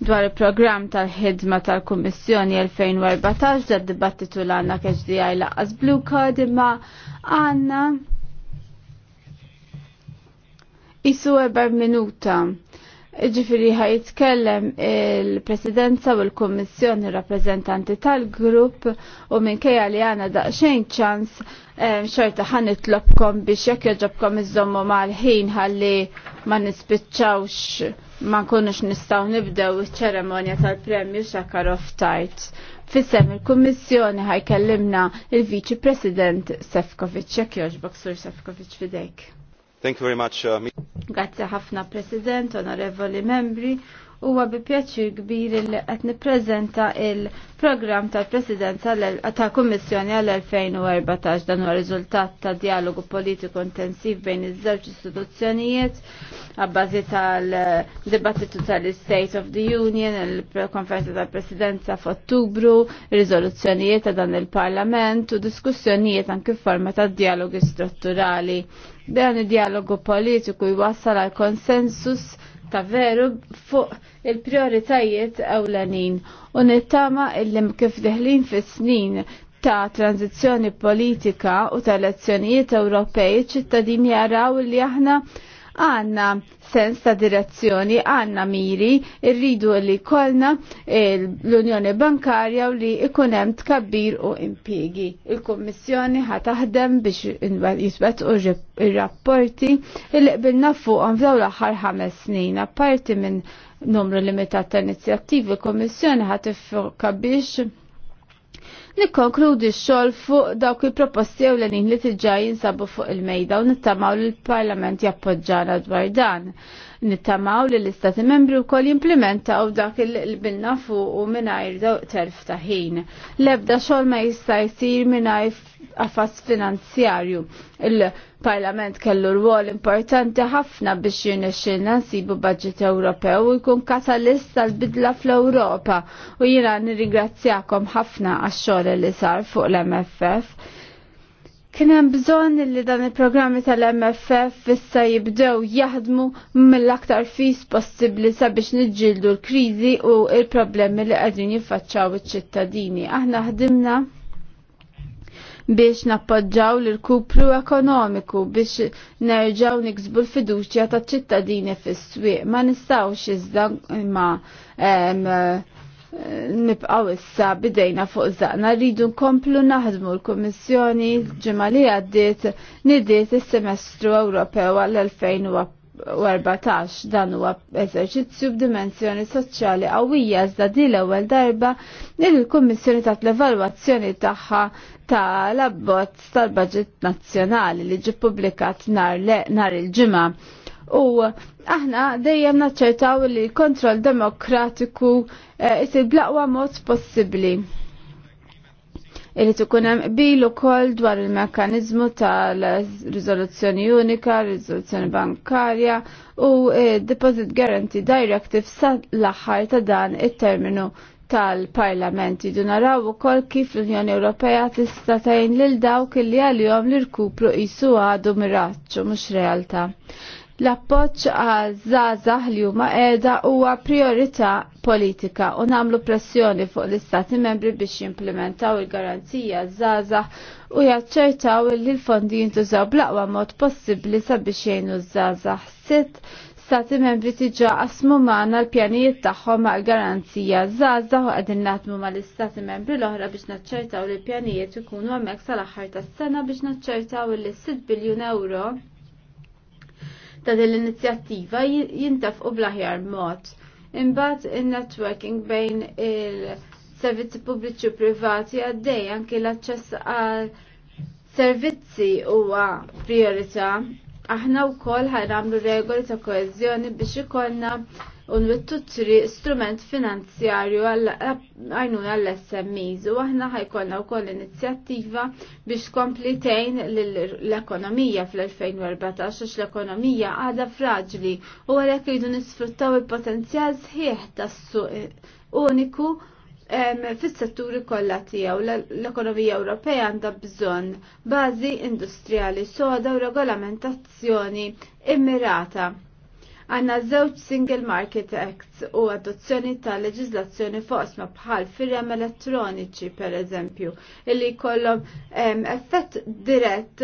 dwar il-programm tal-ħidma tal-Kummissjoni 2014 da dibattitu l-għanna KHDI laqqas Blue Card imma għanna isu eber minuta Ġifiri jitkellem il-presidenza u l-kommissjoni rappresentanti tal-grupp u minkejja li għana daqxejn ċans xorta ħan itlobkom biex jekk jġobkom iżommu mal-ħin ħalli ma nispiċċawx ma nkunux nistaw nibdew iċ-ċeremonja tal-premju Shakarov tajt. Fissem il-Kummissjoni ħajkellimna il-Viċi President Sefkovic, jekk joġbok Sur Sefkovic fidejk. Uh, Grazie ħafna President, onorevoli membri huwa bi pjaċir kbir li qed nippreżenta il-programm tal-Presidenza tal-Kummissjoni għal-2014 dan huwa riżultat ta' dialogu politiku intensiv bejn iż-żewġ istituzzjonijiet għabbażi tal-dibattitu tal-State of the Union, il-konferenza tal-Presidenza f'Ottubru, riżoluzzjonijiet ta' dan il-Parlament u diskussjonijiet anke forma ta' dialogi strutturali. Dan id-dialogu politiku jwassal għal konsensus ta' veru fuq il-prioritajiet ewlenin u nittama illim kif deħlin fis-snin ta' tranzizjoni politika u ta' elezzjonijiet Ewropej ċittadini jaraw li aħna għanna sens ta' direzzjoni, għanna miri, irridu li kolna l-Unjoni Bankarja u li ikunem tkabbir u impiegi. Il-Kommissjoni taħdem biex jisbet u rapporti li qbilna fuqhom f'daw l-aħħar ħames snin. Apparti minn numru limitat ta' inizjattivi, il-Kommissjoni ħatiffoka biex nikkonkludi x-xogħol fuq dawk il-proposti ewlenin li tiġà jinsabu fuq il-mejda u nittamaw li l-Parlament jappoġġana dwar dan. Nittamaw li l-Istati membri wkoll jimplementaw dak il-bilna fuq u dawk terf ta' ħin. L-ebda xogħol ma jista' jsir mingħajr affas finanzjarju. Il-Parlament kellu rwol importanti ħafna biex jirnexxilna nsibu budget Ewropew u jkun katalist tal-bidla fl-Ewropa u jina nirringrazzjakom ħafna għax-xogħol li sar fuq l-MFF. Kien hemm bżonn li dan il-programmi tal-MFF issa jibdew jaħdmu mill-aktar fis possibbli sabiex niġġieldu l-kriżi u l problemi li qegħdin jiffaċċaw iċ-ċittadini. Aħna ħdimna biex nappoġġaw l irkupru ekonomiku biex nerġaw niksbu l-fiduċja ta' ċittadini fis-swieq. Ma nistawx iżda ma nibqaw issa bidejna fuq zaqna rridu nkomplu naħdmu l-Kummissjoni ġimgħa li għaddiet nidiet is-semestru Ewropew għall-2014 14 dan huwa eżerċizzju b'dimensjoni soċjali qawwija iżda di l-ewwel darba il-Kummissjoni tat l-evalwazzjoni tagħha tal-abbozz tal-Baġit Nazzjonali li ġie ppubblikat nhar il-ġimgħa. U aħna dejjem naċċertaw li l-kontroll demokratiku eh, isir blaqwa mod possibbli illi tukunem hemm qbil ukoll dwar il-mekkaniżmu tal rizoluzzjoni unika, riżoluzzjoni bankarja u eh, Deposit Guarantee Directive sa l-aħħar ta' dan it-terminu tal parlamenti jidu naraw ukoll kif l-Unjoni Ewropea tista' tgħin lil dawk illi għalihom li rkupru qisu għadu miraġġu mhux realtà l-appoċ għazazah li huma qiegħda huwa priorità politika u nagħmlu pressjoni fuq l-istati membri biex jimplementaw il-garanzija żgħażagħ u jaċċertaw li l-fondi jintużaw bl-aqwa mod possibbli sabiex jgħinu ż-żaza sitt stati membri tiġa qasmu maħna l-pjanijiet tagħhom ma' garanzija żgħażagħ u qegħdin naħdmu mal-istati membri l-oħra biex naċċertaw li l-pjanijiet ikunu hemmhekk sal-aħħar tas-sena biex naċċertaw li 6 biljun euro ta' din l-inizjattiva jintafqu bl-aħjar mod. Imbagħad in-networking bejn il-servizzi pubbliċi u privati għaddej anki l-aċċess għal servizzi huwa priorità Aħna wkoll ħajramlu regoli ta' koeżjoni biex ikollna un tri strument finanzjarju għajnuna għall smis u aħna ħajkollna u koll inizjattiva biex komplitejn l-ekonomija fl-2014 għax l-ekonomija għada fraġli u għalek rridu nisfruttaw il-potenzjal sħiħ tas-suq uniku fis-setturi kollha tiegħu l-ekonomija Ewropea għandha bżonn bażi industrijali soda u regolamentazzjoni immirata. Għanna żewġ Single Market Acts u adozzjoni ta' leġiżlazzjoni fosma bħal firjam elettroniċi per eżempju, illi kollhom effett dirett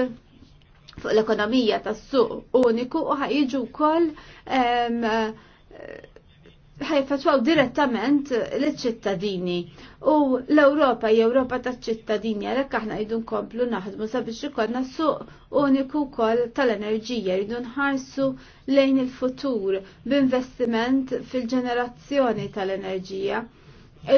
fuq l-ekonomija tas-suq uniku u ħajġu wkoll ħajfetwaw direttament l-ċittadini u l-Europa hija Europa ta' ċittadini għalek aħna jridu nkomplu naħdmu sabiex ikon suq uniku wkoll tal-enerġija jridu nħarsu lejn il-futur b'investiment fil-ġenerazzjoni tal-enerġija.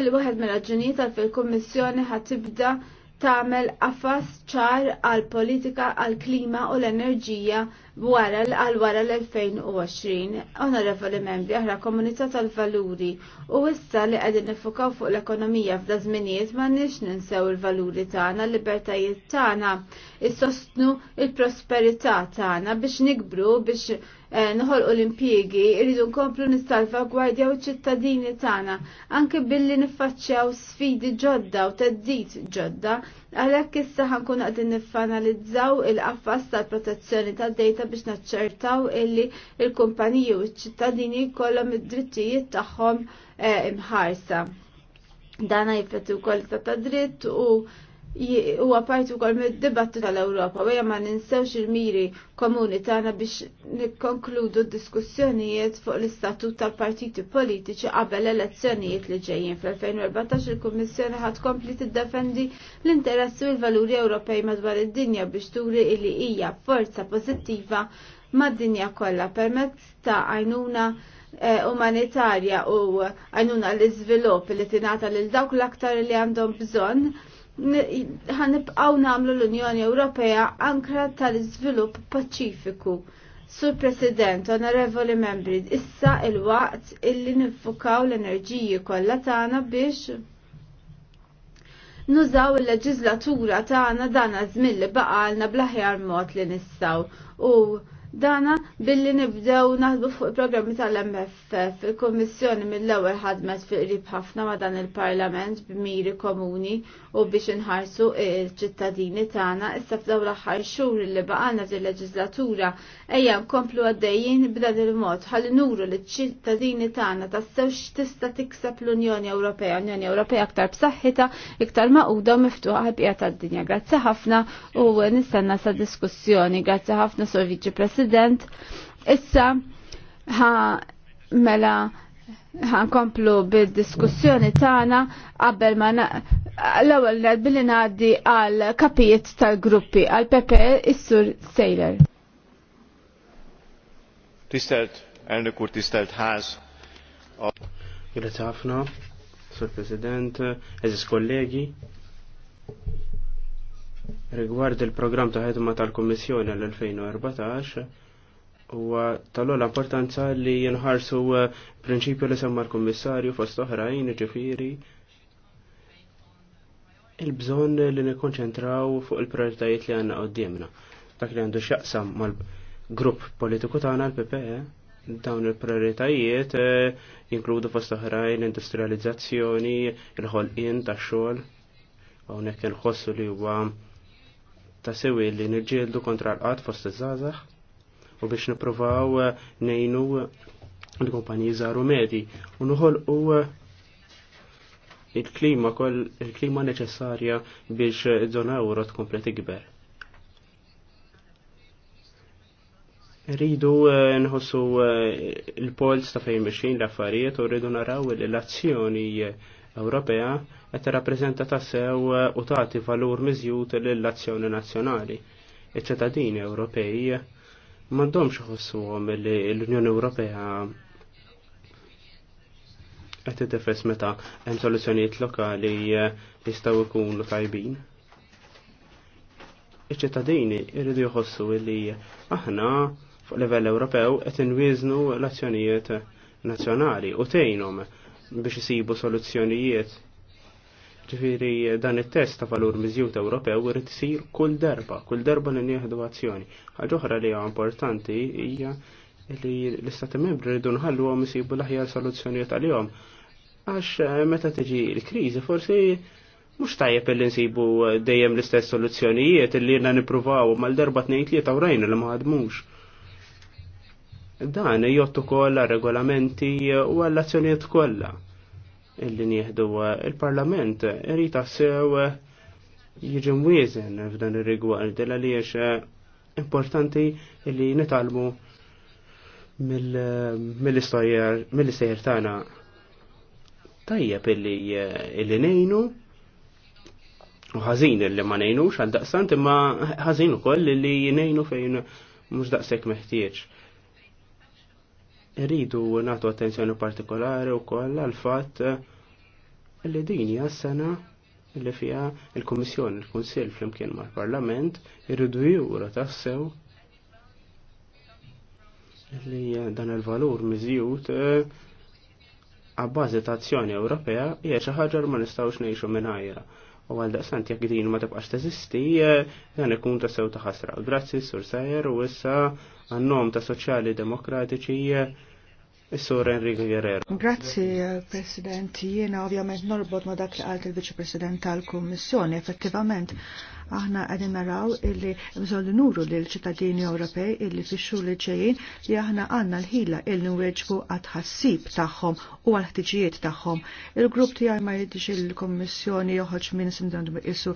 Il-waħed mill-raġunijiet fil-Kummissjoni ħatibda tibda Tamel affas ċar għal politika għal klima u l-enerġija wara għal wara l-2020. Onorevoli membri aħna komunità tal-valuri u issa li qegħdin nifukaw fuq l-ekonomija f'da żminijiet m'għandniex ninsew il-valuri tagħna, l-libertajiet tagħna, s-sostnu, il-prosperità tagħna biex nikbru biex Eh, nħolqu l-impjiegi, irridu nkomplu nistalfa gwardja u ċittadini tagħna anke billi niffaċċjaw sfidi ġodda u teddit ġodda, għalhekk issa ħankun għadin niffanalizzaw il-qafas tal-protezzjoni tad-dejta biex naċċertaw illi il-kumpaniji u ċittadini jkollhom id-drittijiet tagħhom eh, imħarsa. Dana jifetu kol ta' dritt u huwa parti wkoll mid-dibattu tal-Ewropa u ma ninsewx il-miri komuni tagħna biex nikkonkludu d-diskussjonijiet fuq l-istatut tal-partiti politiċi qabel elezzjonijiet li ġejjin fl-2014 il-Kummissjoni ħad kompli tiddefendi l-interessi u l-valuri Ewropej madwar id-dinja biex turi li hija forza pożittiva mad-dinja kollha permezz ta' għajnuna eh, umanitarja u għajnuna l-iżvilupp li tingħata lil dawk l-aktar li għandhom bżonn għanibqaw namlu l-Unjoni Ewropea ankra tal-iżvilupp paċifiku. Sur President, onorevoli membri, issa il-waqt illi nifukaw l-enerġiji kollha tagħna biex nużaw il-leġislatura tagħna dana zmilli baqalna bl-aħjar mod li nistaw. u Dana billi nibdew naħdbu fuq il-programmi tal-MFF il-Kommissjoni mill-ewwel ħadmet fil qrib ħafna ma' dan il-Parlament b'miri komuni u biex inħarsu il-ċittadini tagħna issa f'daw l-aħħar xhur li baqalna fil leġislatura ejja nkomplu għaddejjin b'dan il-mod ħalli nuru liċ-ċittadini tagħna tassew x'tista' tikseb l-Unjoni Ewropea, Unjoni Ewropea aktar b'saħħitha, iktar maquda u miftuħa ħabqija tad-dinja. Grazzi ħafna u nistenna sa' diskussjoni. Grazzi ħafna Sur Viċi President President, issa ha mela komplu bid-diskussjoni tana qabel ma l-ewwel billi ngħaddi għal kapijiet tal-gruppi għal Pepe is-Sur Sejler. Tistelt elnök úr, tistelt ház! Grazie ħafna, Sur President, eżis kollegi rigward il-programm ta' ħedma tal-Kommissjoni l-2014 huwa tal l importanza li jinħarsu uh, prinċipju li semma l-Kommissarju fost oħrajn ġifiri il-bżon li nikkonċentraw fuq il-prioritajiet li għanna għoddimna. Dak li għandu xaqsam mal-grupp politiku tagħna l-PPE, dawn il-prioritajiet uh, jinkludu fost oħrajn industrializzazzjoni, il-ħolqien tax-xogħol, hawnhekk inħossu li huwa ta' sewi li nirġieldu kontra l-qat fost iż-żazax u biex nipruvaw eh, nejnu eh, l-kumpaniji żaru medi u noħolqu eh, il-klima kol il-klima neċessarja biex iż-żona euro tkomplet ikber. Rridu nħossu l pols ta' fejn mexin l-affarijiet u rridu naraw l-azzjoni Ewropea qed tirrappreżenta tassew u tagħti valur miżjud lill-azzjoni nazzjonali. Iċ-ċittadini Ewropej m'għandhomx iħossuhom li l-Unjoni Ewropea qed titifes meta hemm soluzzjonijiet lokali jistgħu jkunu tajbin. Iċ-ċittadini jridu jħossu li aħna fuq livell Ewropew qed inwiżnu l-azzjonijiet nazzjonali u tgħinhom biex jisibu soluzzjonijiet. Ġifiri dan it-test ta' valur miżjut Ewropew irid isir kull darba, kull darba li nieħdu azzjoni. Ħaġa oħra li hija importanti hija li l-istati membri rridu nħalluhom isibu l-aħjar soluzzjonijiet għalihom. Għax eh, meta tiġi l-kriżi forsi mux tajjeb li nsibu dejjem l-istess soluzzjonijiet illi jena nipruvaw mal darba t nejt li u li maħadmux. Dan jottu kolla regolamenti u għall-azzjoniet kolla illi nieħdu il-Parlament rita sew jiġi mwiesen f'dan ir-rigward għaliex importanti li nitalmu mill-istajjer tagħna tajjeb illi nejnu u ħażin illi ma nejnux għal daqsant imma ħażin ukoll illi nejnu fejn mhux daqshekk meħtieġ. Irridu nagħtu attenzjoni partikolari wkoll għal fatt li din hija sena li fiha il-Kummissjoni, il-Kunsill flimkien mal-Parlament irridu jura tassew li dan il-valur miżjud eh, għabbażi ta' azzjoni Ewropea hija xi ħaġa ma nistgħux ngħixu minnajra. U għal daqsant jekk din ma tibqax teżisti, eh, dan ikun ta' sew ta' ħasra. Grazzi, Sur Sajer, u issa għannom ta' Soċjali Demokratiċi eh, Is-sur Enrique Guerrero. Grazzi, eh, Presidenti. Jena ovvjament norbot ma dak li għalt il-Viċi President tal-Kummissjoni, effettivament Aħna għadin naraw illi bżon nuru li l-ċittadini Ewropej illi fixxu li ġejjin li aħna għanna l-ħila illi nweġbu għadħassib tagħhom u għal-ħtiġijiet tagħhom. Il-grupp tiegħi ma jidix il-Kommissjoni joħoċ minn simdan isu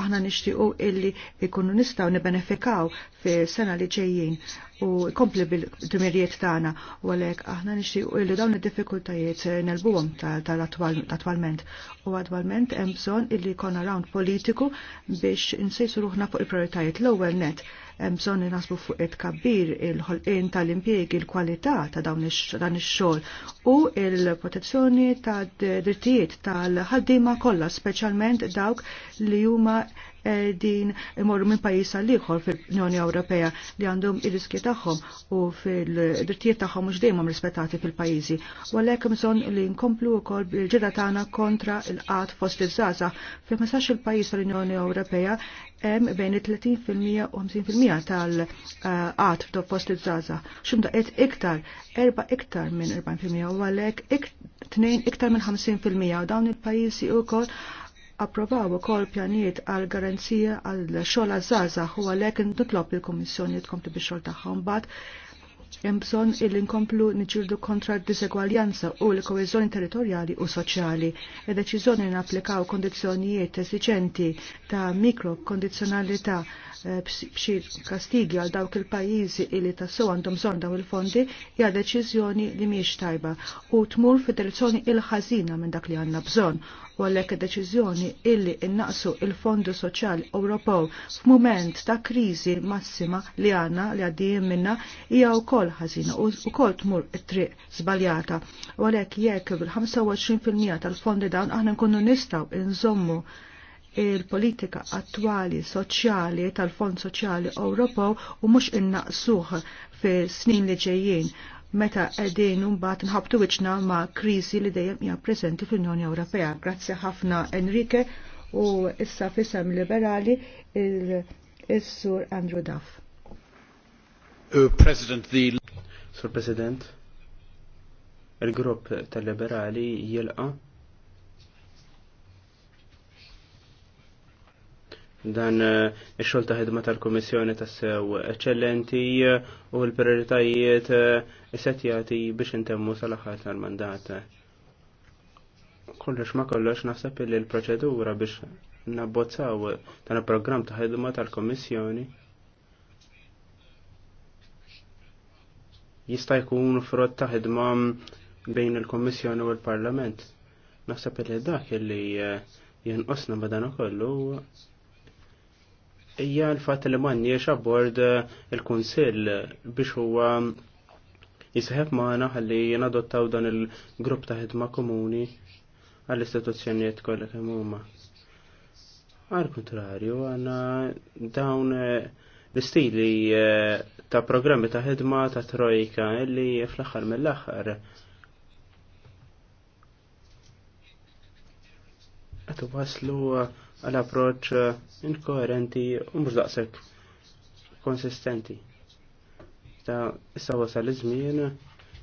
aħna nixtiequ illi ikunu nistgħu nibenefikaw fi sena li ġejjin u kompli bil-dmirijiet tagħna u għalhekk aħna nixtiequ illi dawn id-diffikultajiet nelbuhom tal-attwalment. U għadwalment hemm bżonn illi jkun around politiku biex insejsu ruħna fuq il-prioritajiet l-ewwel net hemm bżonn inħasbu fuq it-kabbir il-ħolqien tal-impjiegi, il-kwalità ta' dawn dan ix-xogħol u l-protezzjoni ta' drittijiet tal-ħaddiema kollha, speċjalment dawk li huma din imorru minn pajis għal liħor fil-Unjoni Ewropea li għandhom il riski tagħhom u fil-drittijiet tagħhom mhux dejjem rispettati fil-pajjiżi. U għalhekk bżonn li nkomplu wkoll bil-ġira tagħna kontra il-qat fost il żgħażagħ Fil-messax il-pajjiż tal-Unjoni Ewropea hemm bejn 30% u 50% tal-qat f'dok post iż-żgħażagħ. X'imda qed iktar, erba' iktar minn 40% u għalhekk tnejn iktar minn 50% u dawn il-pajjiżi wkoll approvaw ukoll pjanijiet għal garanzija għal xogħol żgħażagħ u għalhekk nitlob il-Kummissjoni tkompli bix-xogħol tagħhom mbagħad hemm bżonn il nkomplu niġġieldu kontra d-disegwaljanza u l-koeżjoni territorjali u soċjali. Id-deċiżjoni napplikaw kondizzjonijiet esiġenti ta' mikrokondizzjonalità Eh, b'xi kastigi għal dawk il-pajjiżi li tassew għandhom bżonn dawn il-fondi hija deċiżjoni li mhijiex tajba u tmur fid-direzzjoni il-ħażina minn dak li għandna bżonn u għalhekk deċiżjoni illi innaqsu il fondi Soċjali Ewropew f'mument ta' kriżi massima li għandna li għaddijiem minna hija wkoll ħażina u wkoll tmur it-triq żbaljata. U għalhekk jekk il 25 tal-fondi dawn aħna nkunu nistgħu nżommu il-politika attwali soċjali tal-Fond Soċjali Ewropew u mhux innaqsuh fi snin li ġejjin meta qegħdin mbagħad nħabtu wiċċna ma' kriżi li dejjem hija preżenti fl-Unjoni Ewropea. Grazzi ħafna Enrique u issa fisem liberali il-Sur Andrew Duff. Uh, President the Sur President, il-grupp tal-liberali jilqa' dan eh, ix-xogħol ta' ħidma tal-Kummissjoni tas-sew eċċellenti eh, u l-prioritajiet eh, setjati biex intemmu sal-aħħar tal-mandat. Kollox ma kollox naħseb li l-proċedura biex nabbozzaw dan il-programm ta' ħidma tal-Kummissjoni jista' jkun frott ta' ħidma bejn il komissjoni u l-Parlament. Naħseb li dak li jinqosna madana kollu hija l-fatt li m'għandniex abbord eh, il-Kunsill biex huwa jisħeb magħna ħalli nadottaw dan il-grupp ta' ħidma komuni għall-istituzzjonijiet kollha kemm huma. Għal kontrarju, għanna dawn eh, l-istili eh, ta' programmi ta' ħidma ta' trojka li fl-axar mill-axar għatu waslu għal approċ eh, inkoherenti u mhux daqshekk konsistenti. Ta' issa wasal iż-żmien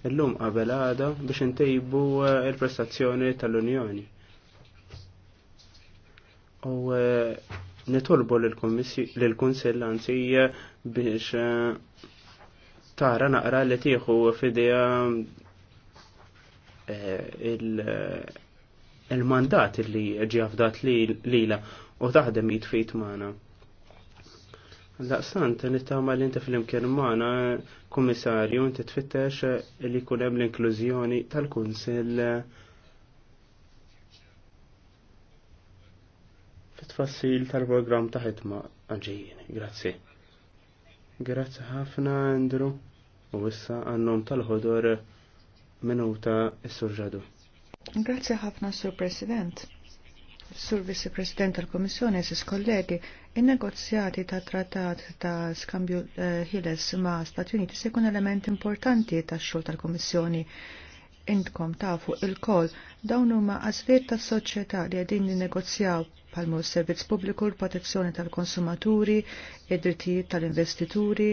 illum qabel għada biex intejbu eh, il-prestazzjoni tal-Unjoni. U eh, nitolbu lill-Kunsill anzi biex tara naqra li tieħu fidea il- il-mandat li ġi għafdat lila u taħdem jitfejt maħna. Laqsant, nittama li inti fil-imkien maħna, komissarju, inti tfittex li kunem l-inklużjoni tal-kunsil fit-fassil tal-program ta' ħidma għanġijin. Grazzi. Grazzi ħafna, Andrew. U issa għannom tal-ħodor minuta s-surġadu. Grazie ħafna, Sur President. Sur Vice President tal-Komissjoni, sis kollegi, il-negozjati ta' trattat ta' skambju eh, ħiles ma' Stati Uniti se jkun element importanti ta' xogħol tal-Komissjoni. Intkom tafu il-kol dawn huma għażliet tas soċjetà li qegħdin negozjaw bħalmu s-servizz pubbliku, l-protezzjoni tal-konsumaturi, id-drittijiet tal-investituri,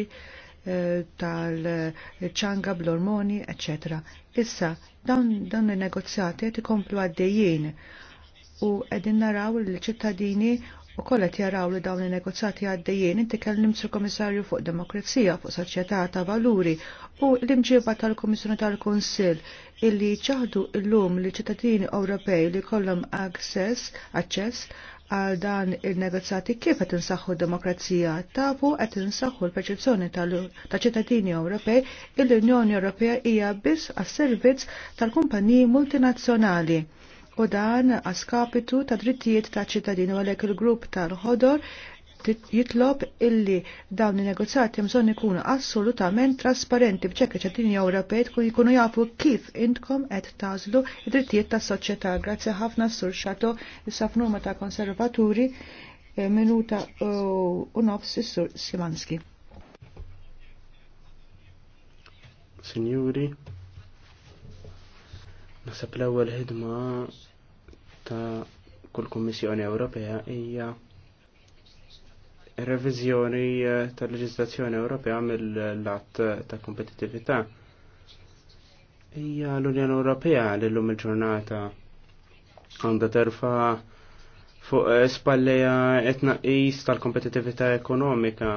Eh, tal-ċanga bl-ormoni, etc. Issa, dawn dan il-negozjati qed ikomplu għaddejjien u qegħdin naraw l-ċittadini u kollet jaraw li dawn il-negozjati għaddejjien inti kellim sur komissarju fuq demokrazija, fuq soċjetà ta' valuri u l-imġiba tal-Komissjoni tal-Kunsill illi ċaħdu il-lum li ċittadini Ewropej li kollom access, access għal dan il-negozjati kif qed insaħħu d-demokrazija tafu qed insaħħu l-perċezzjoni ta' ċittadini Ewropej il-Unjoni Ewropea hija biss għas-servizz tal-kumpaniji multinazzjonali u dan għaskapitu ta' drittijiet ta' ċittadini għalek għalhekk il-grupp tal-ħodor jitlob illi dawn il-negozjati mżon ikunu assolutament trasparenti bċekka ċattini Ewropej kun ikunu jafu kif intkom qed tażlu id-drittijiet tas-soċjetà. Grazzi ħafna sur xato is-safnuma ta' konservaturi eh, minuta u nofs is-sur Simanski. Signori, nasab l-ewwel ħidma ta' kull Kummissjoni Ewropea hija revizjoni eh, tal-leġislazzjoni Ewropea mill-lat eh, ta' kompetitività. Hija l-Unjoni Ewropea li l-lum il-ġurnata għandha terfa fuq eh, spalleja is tal-kompetitività ekonomika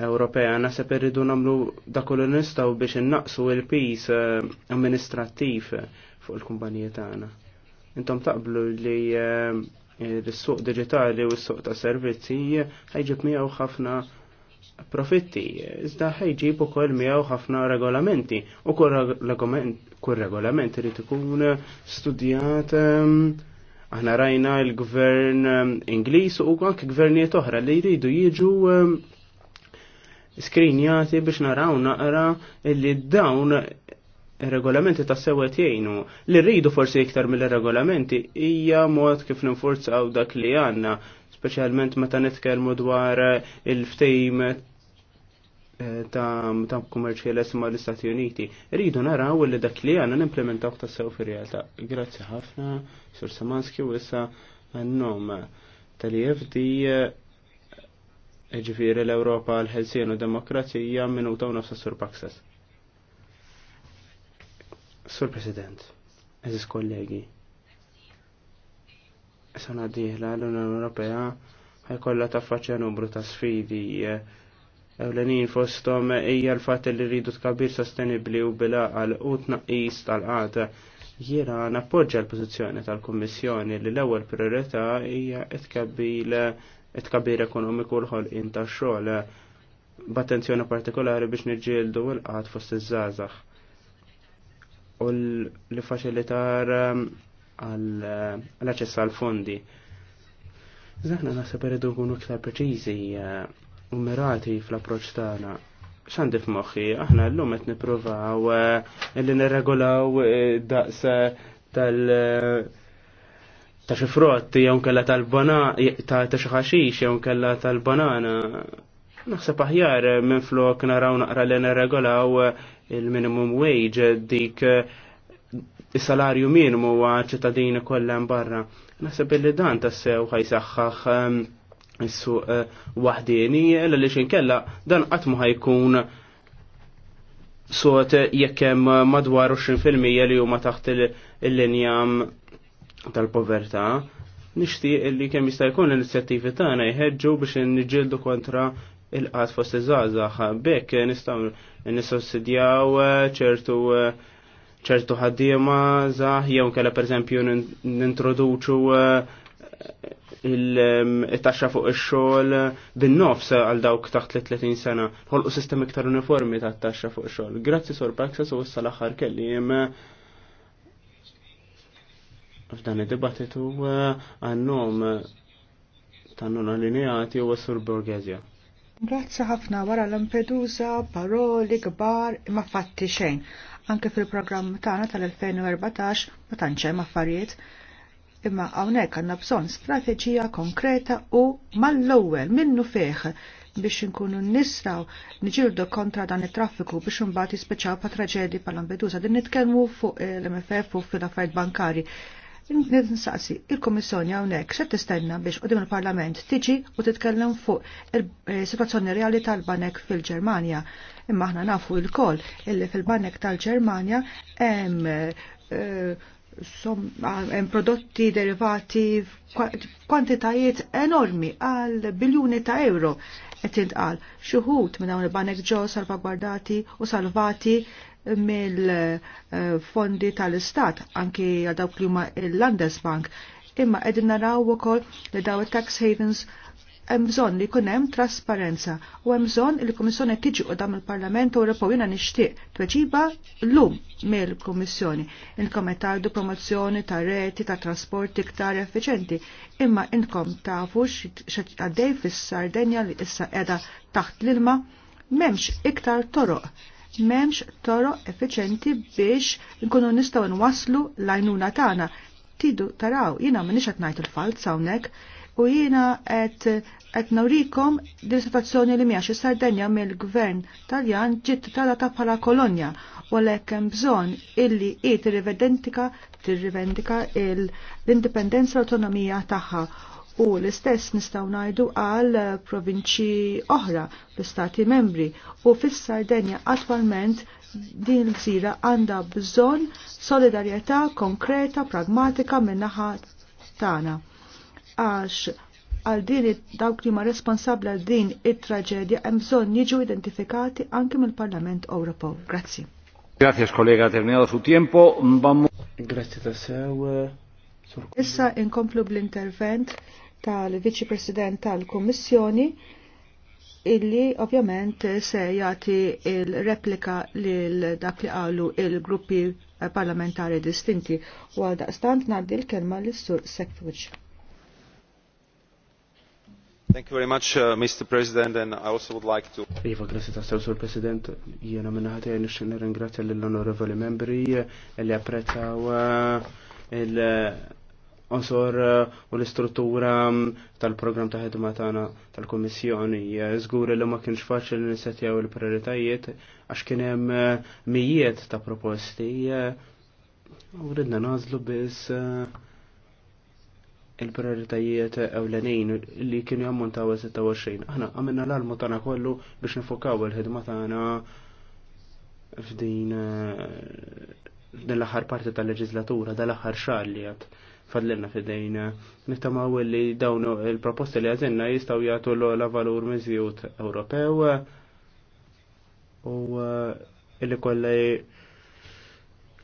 Ewropea. Naseb irridu namlu kolonista u biex innaqsu il-pis amministrattiv fuq il-kumpaniji tagħna. Intom taqblu li il-suq digitali u s-suq ta' servizzi ħajġib miegħu ħafna profitti, iżda ħajġib ukoll miegħu ħafna regolamenti u kull regolament irid ikun studjat ehm, aħna rajna l-gvern ehm, Ingliż u anke gvernijiet oħra li jridu jiġu ehm, skrinjati biex naraw naqra illi dawn regolamenti ta' sewet jgħinu li rridu forsi iktar mill-regolamenti hija mod kif ninforzaw dak li għanna, speċjalment meta nitkellmu dwar il-ftejm eh, ta' ta' kummerċi l-esma l-Istati Uniti. Rridu naraw li dak li għanna nimplementaw ta' sew fi realtà. Grazzi ħafna, Sur Samanski, u issa għannom tal-IFD eh, ġifiri l-Europa l u Demokrazija minn u ta' nafsa Sur Paksas. Sur President, eżis kollegi, sana diħla l-Unjoni Ewropea ta' taffaċċja numru ta' sfidi ewlenin fostom hija l-fatt li rridu tkabir sostenibbli u għal u tnaqqis tal qat Jiena nappoġġa l-pożizzjoni tal-Kummissjoni li l-ewwel priorità hija tkabbir ekonomiku l-ħolqien tax-xogħol b'attenzjoni partikolari biex niġġieldu l-qat fost iż-żgħażagħ u l-facilitar ehm, għal-aċess għal-fondi. Zaħna nasib irridu nkunu iktar preċiżi eh, u mirati fl-approċ tagħna. X'għandi f'moħħi, aħna llum qed nippruvaw eh, li nirregolaw eh, daqs tal- ta' xi frotti jew kella tal-banana ta' xi ħaxix jew kella tal-banana Naħseb aħjar eh, minn flok naraw naqra l regolaw eh, il-minimum wage eh, dik il-salarju minimu ċittadini kollan barra. Naħseb li dan tassew ħajsaxħax is-suq waħdini l li xinkella dan qatmu ħajkun sot jekkem madwar 20% li huma taħt il-linja mm, tal-povertà nixtieq li kemm jista' jkun l-inizjattivi tagħna jħeġġu biex niġġieldu kontra il-qat fost iż-żgħażagħ bekk nistgħu nissussidjaw eh, ċertu eh, ċertu ħaddiema żaħ jew kellha pereżempju nintroduċu eh, il-taxxa fuq ix-xogħol bin-nofs għal dawk taħt 30 sena. Ħolqu sistemi iktar uniformi tat-taxxa fuq ix-xogħol. Grazzi Sur Paxas u wissa l-aħħar kelliem f'dan id-dibattitu għannom tannuna lineati u Sur Borgesia. Grazzi ħafna wara Lampedusa, paroli kbar imma fatti xejn. Anke fil-programm tagħna tal-2014 ma tantx hemm affarijiet. Imma hawnhekk għandna bżonn strateġija konkreta u mal-ewwel minnu fih biex inkunu nistaw niġildu kontra dan it-traffiku biex imbagħad ispeċaw pa' traġedi pa' Lampedusa. Din nitkellmu fuq l-MFF u fil-affarijiet bankari. Nisaqsi, il-Komissjoni hawnhekk se tistenna biex dim il-Parlament tiġi u titkellem fuq il-sitwazzjoni reali tal-banek fil-Ġermanja. Imma aħna nafu il kol illi fil-banek tal-Ġermanja hemm eh, hemm prodotti derivati kwantitajiet enormi għal biljuni ta' euro qed intqal, Xi wħud minn dawn il-banek ġew salvagwardati u salvati mill-fondi eh, tal-istat, anki għal dawk li huma il-Landesbank, imma qegħdin naraw ukoll li daw tax havens hemm bżonn li jkun hemm trasparenza u hemm bżonn li l-Kummissjoni tiġi qudam il-Parlament Ewropew jiena nixtieq tweġiba llum mill-Kummissjoni. Inkom qed tgħidu promozzjoni ta' reti ta' trasporti iktar effiċenti, imma inkom tafu għaddej fis-Sardenja li issa qiegħda taħt l-ilma m'hemmx iktar toroq memx toroq effiċenti biex nkunu nistgħu nwasslu l-għajnuna tagħna. Tidu taraw, jiena m'nix qed ngħid il-falt hawnhekk, u jiena qed nawrikom din situazzjoni li miħax il Sardenja mill-Gvern Taljan ġiet ta' bħala kolonja u għalhekk hemm bżonn illi i tirrivendika tirrivendika l-indipendenza l-autonomija tagħha u l-istess nistaw najdu għal provinċi oħra l-istati membri u fis-Sardenja attualment din l-gżira għandha bżonn solidarjetà konkreta, pragmatika minnaħa tagħna għax għal din dawk li ma responsabli għal din it-traġedja hemm bżonn jiġu identifikati anke mill-Parlament Ewropew. Grazzi. Grazie kollega, terminato su tempo. Grazie ta' sew. Issa inkomplu bl-intervent tal-Viċi President tal-Kummissjoni illi ovvjament se jagħti il-replika lil dak li qalu il-gruppi eh, parlamentari distinti u għal daqstant ngħaddi l-kelma lis sur Sekfuġ. Thank you very much, uh, Mr. President, and I also would like to... Iva, grazie ta' Sur President. Jena minna ħatja nixin ringrazja l-onorevoli membri eh, li apprezzaw eh, il onsor eh, u l-istruttura mm, tal-program ta' ħedma tagħna tal-Kummissjoni. Żgur li ma kienx faċli li nissetjaw il-prioritajiet għax kienem mijiet ta' proposti u ridna bis... biss il-prioritajiet ewlenin li kienu jammontaw 26. Aħna għamilna l-almu tagħna kollu biex nifokaw il-ħidma tagħna f'din eh, l-aħħar parti tal-leġislatura, dal-aħħar xahar li għad fadlilna f'din. Nittamaw li dawn il-proposti li għazinna jistaw jgħatu l-ola valur miżjut Ewropew u eh, illi kollha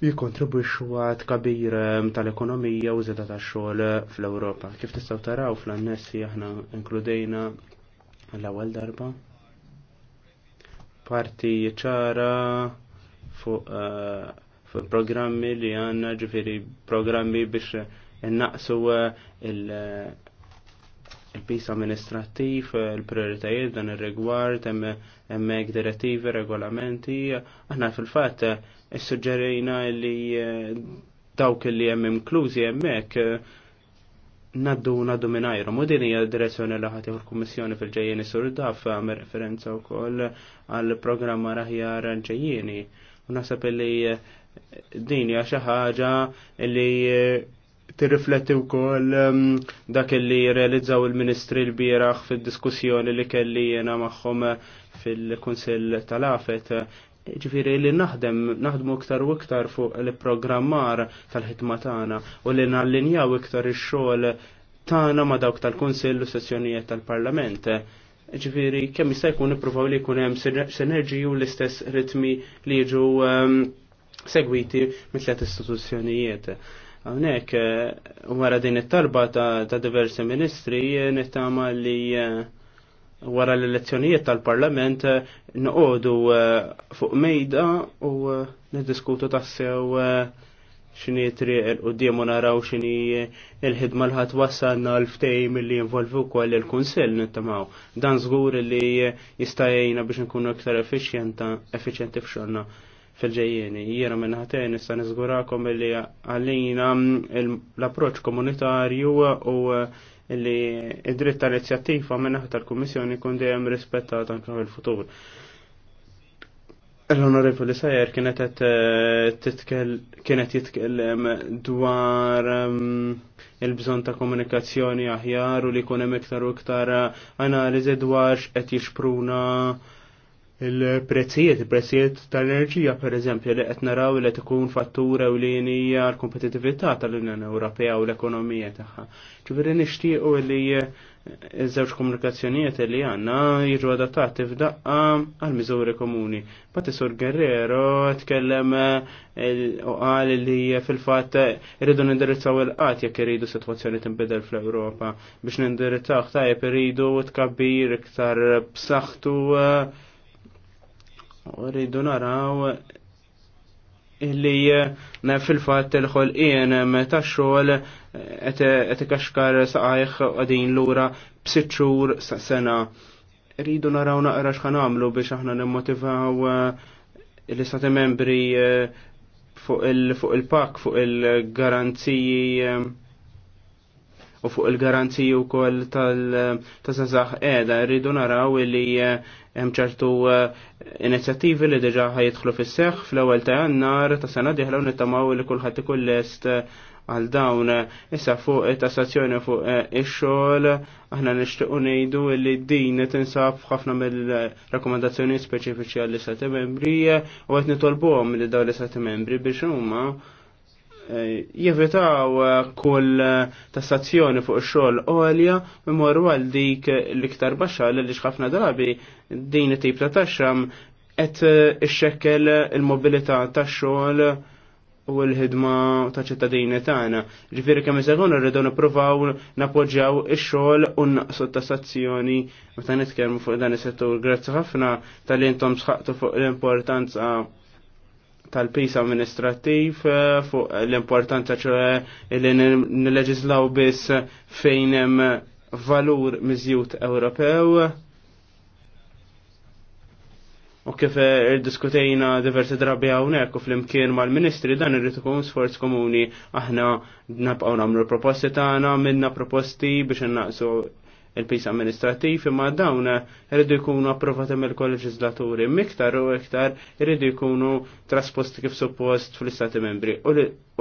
jikontribwixxu għad kabir ehm, tal-ekonomija u zeta ta' xogħol fl-Ewropa. Kif tistgħu taraw fl-annessi aħna inkludejna l-ewwel darba parti ċara fuq eh, fu programmi li għanna ġifiri programmi biex innaqsu eh, eh, il-pis amministrattiv, il-prioritajiet dan ir-rigward, hemm direttivi, regolamenti, aħna fil-fatt s-sugġerina li eh, dawk li hemm inklużi hemmhekk eh, naddu naddu minn U din hija direzzjoni li ħati l-Kummissjoni fil-ġejjeni surda daf għam referenza wkoll għal programma raħjar ġejjieni. U naħseb li eh, din hija xi ħaġa li tirrifletti wkoll mm, dak li realizzaw il-Ministri l biraħ fid-diskussjoni li kelli jena magħhom fil-Kunsill tal-Afet ġifiri li naħdem, naħdmu iktar u iktar fuq li programmar tal ħitma tagħna u li nallinjaw iktar ix-xogħol tagħna ma dawk tal-Kunsill u sessjonijiet tal-Parlament. Ġifiri, kemm jista' jkun ippruvaw li jkun hemm sinerġiju l-istess ritmi li jiġu ehm, segwiti mitlet istituzzjonijiet. Hawnhekk eh, wara din it-talba ta' diversi ministri eh, nittama li eh, wara l-elezzjonijiet tal-parlament eh, noqogħdu eh, fuq mejda u eh, niddiskutu tassew xini triq il-qoddiemu naraw xini il-ħidma l-ħat wassalna l-ftejm li jinvolvu kol l kunsel nittamaw. Dan zgur li jistajajna biex nkunu iktar effiċjenti fxorna fil-ġejjeni. Jiena minna ħatejn nista nizgurakom li għalina mm, l-approċ komunitarju u li id-dritt tal-inizjattiva minn naħta l-Kummissjoni kun dejjem rispettat anke fil-futur. L-Onorevoli Sajer kienet eh, kienet jitkellem dwar ehm, il bżonn ta' komunikazzjoni aħjar u li jkun hemm iktar u iktar eh, analiżi dwar x'qed jixpruna il-prezzijiet, il-prezzijiet tal-enerġija per eżempju li qed naraw li tkun fattura u li hija l-kompetitività tal-Unjoni Ewropea u l-ekonomija tagħha. Ġifieri nixtiequ li iż-żewġ komunikazzjonijiet li għandna jiġu adattati f'daqqa għal miżuri komuni. Pati Sur Guerrero tkellem eh, u qal li fil-fatt irridu nindirizzaw il-qat jekk iridu sitwazzjoni tinbidel fl-Ewropa biex nindirizzaw tajjeb iridu tkabbir iktar b'saħħtu eh, rridu naraw illi eh, fil-fat il-ħolqien eh, meta xogħol eh, qed ikaxkar saqajh qegħdin lura b'sitt xhur sa' sena. Rridu naraw naqra x'ħan nagħmlu biex aħna nimmotivaw l-istati membri fuq il-pak, fuq il-garanziji u fuq il-garanziji u koll tal-sazax edha, rridu naraw li hemm ċertu eh, inizjattivi li diġà ħajidħlu fis-seħħ fl-ewwel ta' jannar ta' sena diħla nittamaw li kulħadd ikun lest eh, għal dawn issa fuq it tassazzjoni fuq eh, ix-xogħol aħna nixtiequ ngħidu li din tinsab f'ħafna mill-rakkomandazzjoni speċifiċi għall istati membri u qed nitolbuhom li dawn l istati membri biex huma Jivitaw eh, kull eh, tassazzjoni fuq xogħol olja mimur għal dik l-iktar baxxa li ħafna drabi din it-tip ta' taxxa qed eh, xekkel il-mobilità tax-xogħol u l-ħidma ta' ċittadini tagħna. Ġifieri kemm isegun irridu nippruvaw napoġġjaw ix-xogħol u naqsu tassazzjoni meta nitkellmu fuq dan is-settur. Grazzi ħafna tal-intom sħaqtu fuq l-importanza tal-pis amministrativ eh, fuq l-importanza ċe li n-leġizlaw bis fejn hemm valur mizjut Ewropew. U kif eh, diskutejna diversi drabi hawnhekk u flimkien mal-Ministri dan irrid ikun sforz komuni aħna nabqgħu nagħmlu proposti tagħna minna proposti biex innaqsu il-pis amministrativ imma dawn irridu jkunu approvati mill-kolleġislaturi miktar u iktar irridu jkunu trasposti kif suppost fl-istati membri u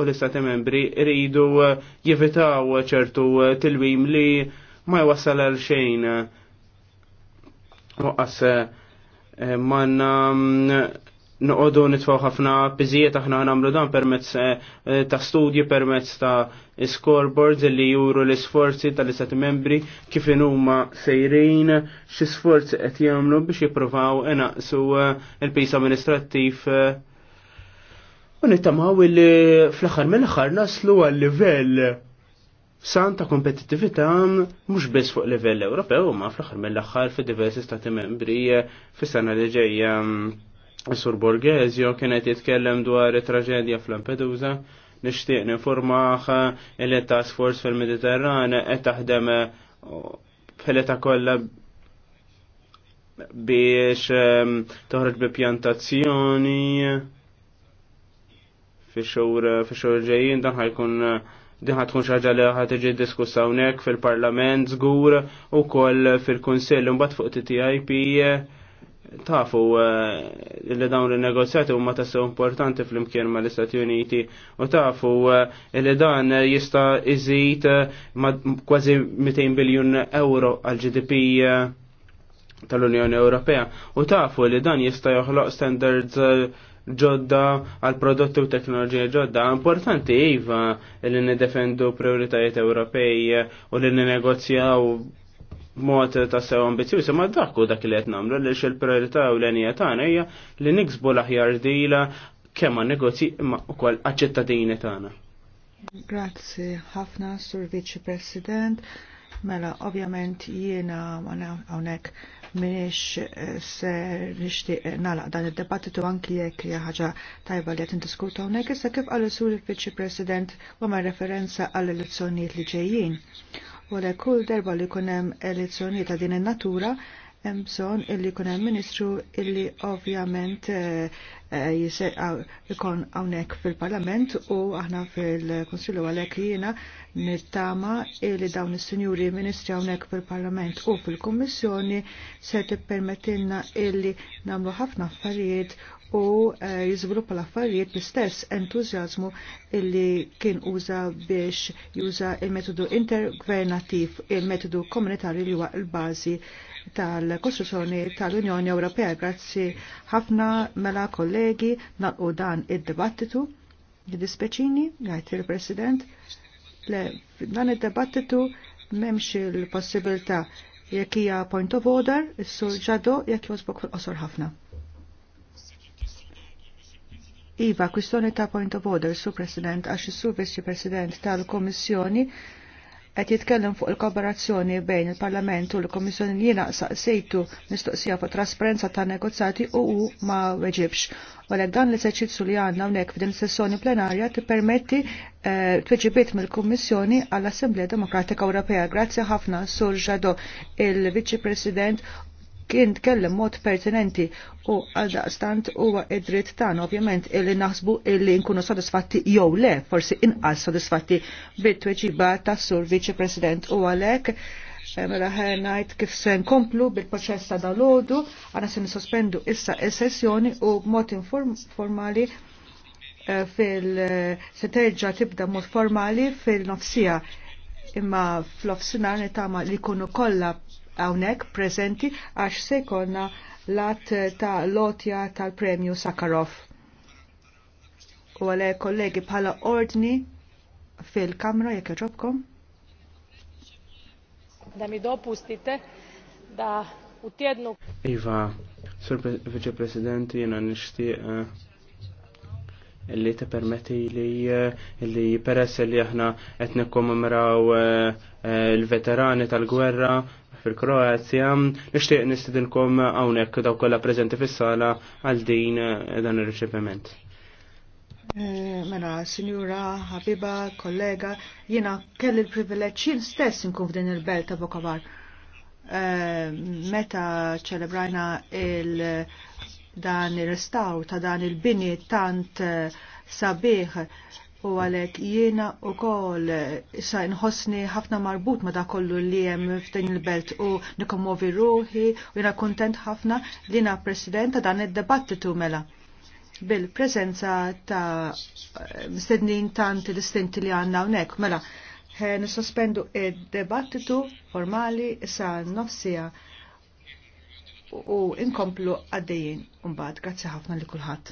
l-istati membri irridu eh, jivitaw ċertu eh, tilwim li ma jwassal għal xejn waqqas eh, manna mm, noqodu nitfaw ħafna biżijiet aħna nagħmlu dan permezz eh, eh, ta' studji permezz ta' scoreboards li juru l-isforzi tal-istati membri kif huma sejrin xi sforzi qed jagħmlu biex jippruvaw inaqsu eh, il-pis amministrattiv u nittamaw li fl-aħħar mill-aħħar naslu għal livell san ta' kompetittività mhux biss fuq livell Ewropew ma fl-aħħar mill-aħħar fi diversi stati membri fis-sena li ġejja mm, Sur Borgesio kienet jitkellem dwar traġedja fl-Lampedusa, nishtiq informaħ il task force fil mediterrane qed taħdem fil-ta' kollha biex toħroġ bi pjantazzjoni fi xogħol ġejjin dan ħajkun din ħatkun xaġa li ħat iġi diskussa hawnhekk fil-Parlament żgur ukoll fil-Kunsill imbagħad fuq TTIP tafu eh, li dawn il-negozjati huma tassew importanti fl-imkien ma l-Istati Uniti u tafu eh, li dan jista' iżid eh, kważi 200 biljun euro għal GDP tal-Unjoni Ewropea u tafu li dan jista' joħloq standards ġodda għal prodotti u teknoloġija ġodda. Importanti iva li nidefendu prioritajiet Ewropej u li negozjaw mod ta' sew ambizjuż ma' dak u dak li qed nagħmlu li il-priorità u l-għenija tagħna hija li niksbu l-aħjar dila kemm ma negozji imma wkoll aċ ċittadini tagħna. Grazzi ħafna Sur Viċi President. Mela, ovvjament jiena hawnhekk minix eh, se nixtieq eh, nalaq dan id-debattitu anki jekk hija ħaġa tajba li qed indiskutu hawnhekk issa kif qal sur il-Viċi President u ma' referenza għall elezzjonijiet li ġejjin wara kull darba li kunem elezzjoni ta' din in-natura hemm bżonn illi jkun hemm ministru illi ovvjament eh, eh, ikun hawnhekk fil-Parlament u aħna fil-Kunsillu għalhekk jiena nittama illi dawn is-sinjuri ministri hawnhekk fil-Parlament u fil-Kummissjoni se tippermettilna illi nagħmlu ħafna affarijiet u eh, jiżviluppa l-affarijiet bl-istess entużjażmu illi kien uża biex juża il-metodu intergvernativ, il-metodu komunitarju li huwa l-bażi tal kostruzzjoni tal-Unjoni Ewropea. Grazzi ħafna mela kollegi naqgħu dan id-dibattitu. Dispeċini, għajt il-President, dan id-dibattitu memx il-possibilta jekk hija point of order, is-sur ġado jekk josbok fil-qosor ħafna. Iva, kwistjoni ta' point of order, su President, għax is-sur Vice President tal-Komissjoni qed jitkellem fuq il-kooperazzjoni bejn il-Parlament u l-Komissjoni li jiena saqsejtu mistoqsija fuq trasparenza ta' negozjati u hu ma weġibx. Għalhekk dan l-eżerċizzju li għandna hawnhekk f'din sessjoni plenarja tippermetti eh, tweġibiet mill-Kummissjoni għall-Assemblea Demokratika Ewropea. Grazzi ħafna Sur Ġado, il-Viċi President kien tkellem mod pertinenti u għaldaqstant huwa id tan, tagħna ovvjament illi naħsbu illi nkunu sodisfatti jew le, forsi inqas sodisfatti bit-tweġiba tas-sur Viċi President u għalhekk eh, mela ħenajt kif se nkomplu bil-proċess ta' dalodu, għana se nisospendu issa s-sessjoni u b'mod informali eh, fil-se terġa tibda mod formali fil-nofsija imma fl-ofsinar nitama li kunu kollha hawnhekk prezenti għax se konna lat ta' lotja tal-Premju Sakharov. U għale kollegi bħala ordni fil-kamra jekk ġobkom. Da mi stite da u tjednu. Iva, sur viċe-president jena nishti eh, illi te permetti li eh, illi peress li aħna qed nikkommemoraw eh, il-veterani tal-gwerra fil-Kroazja. Nixtieq nistidilkom hawnhekk daw kollha preżenti fis-sala għal din eh, dan ir-riċeviment. Eh, mela, signora, ħabiba, kollega, jiena kelli l-privileġġ jien stess nkun f'din il-belt ta' Bokavar. Eh, meta ċelebrajna il- dan il restaw ta' dan il-bini tant sabiħ u għalek jiena u kol sa nħosni ħafna marbut ma da kollu li jem f'din il-belt u nikomovi ruħi u jena kontent ħafna li jena presidenta dan id-debattitu mela bil-prezenza ta' mistednin tanti distinti li għanna unek mela nisospendu id-debattitu formali sa' nofsija u inkomplu għaddejjien un-bad grazzi ħafna li kullħat.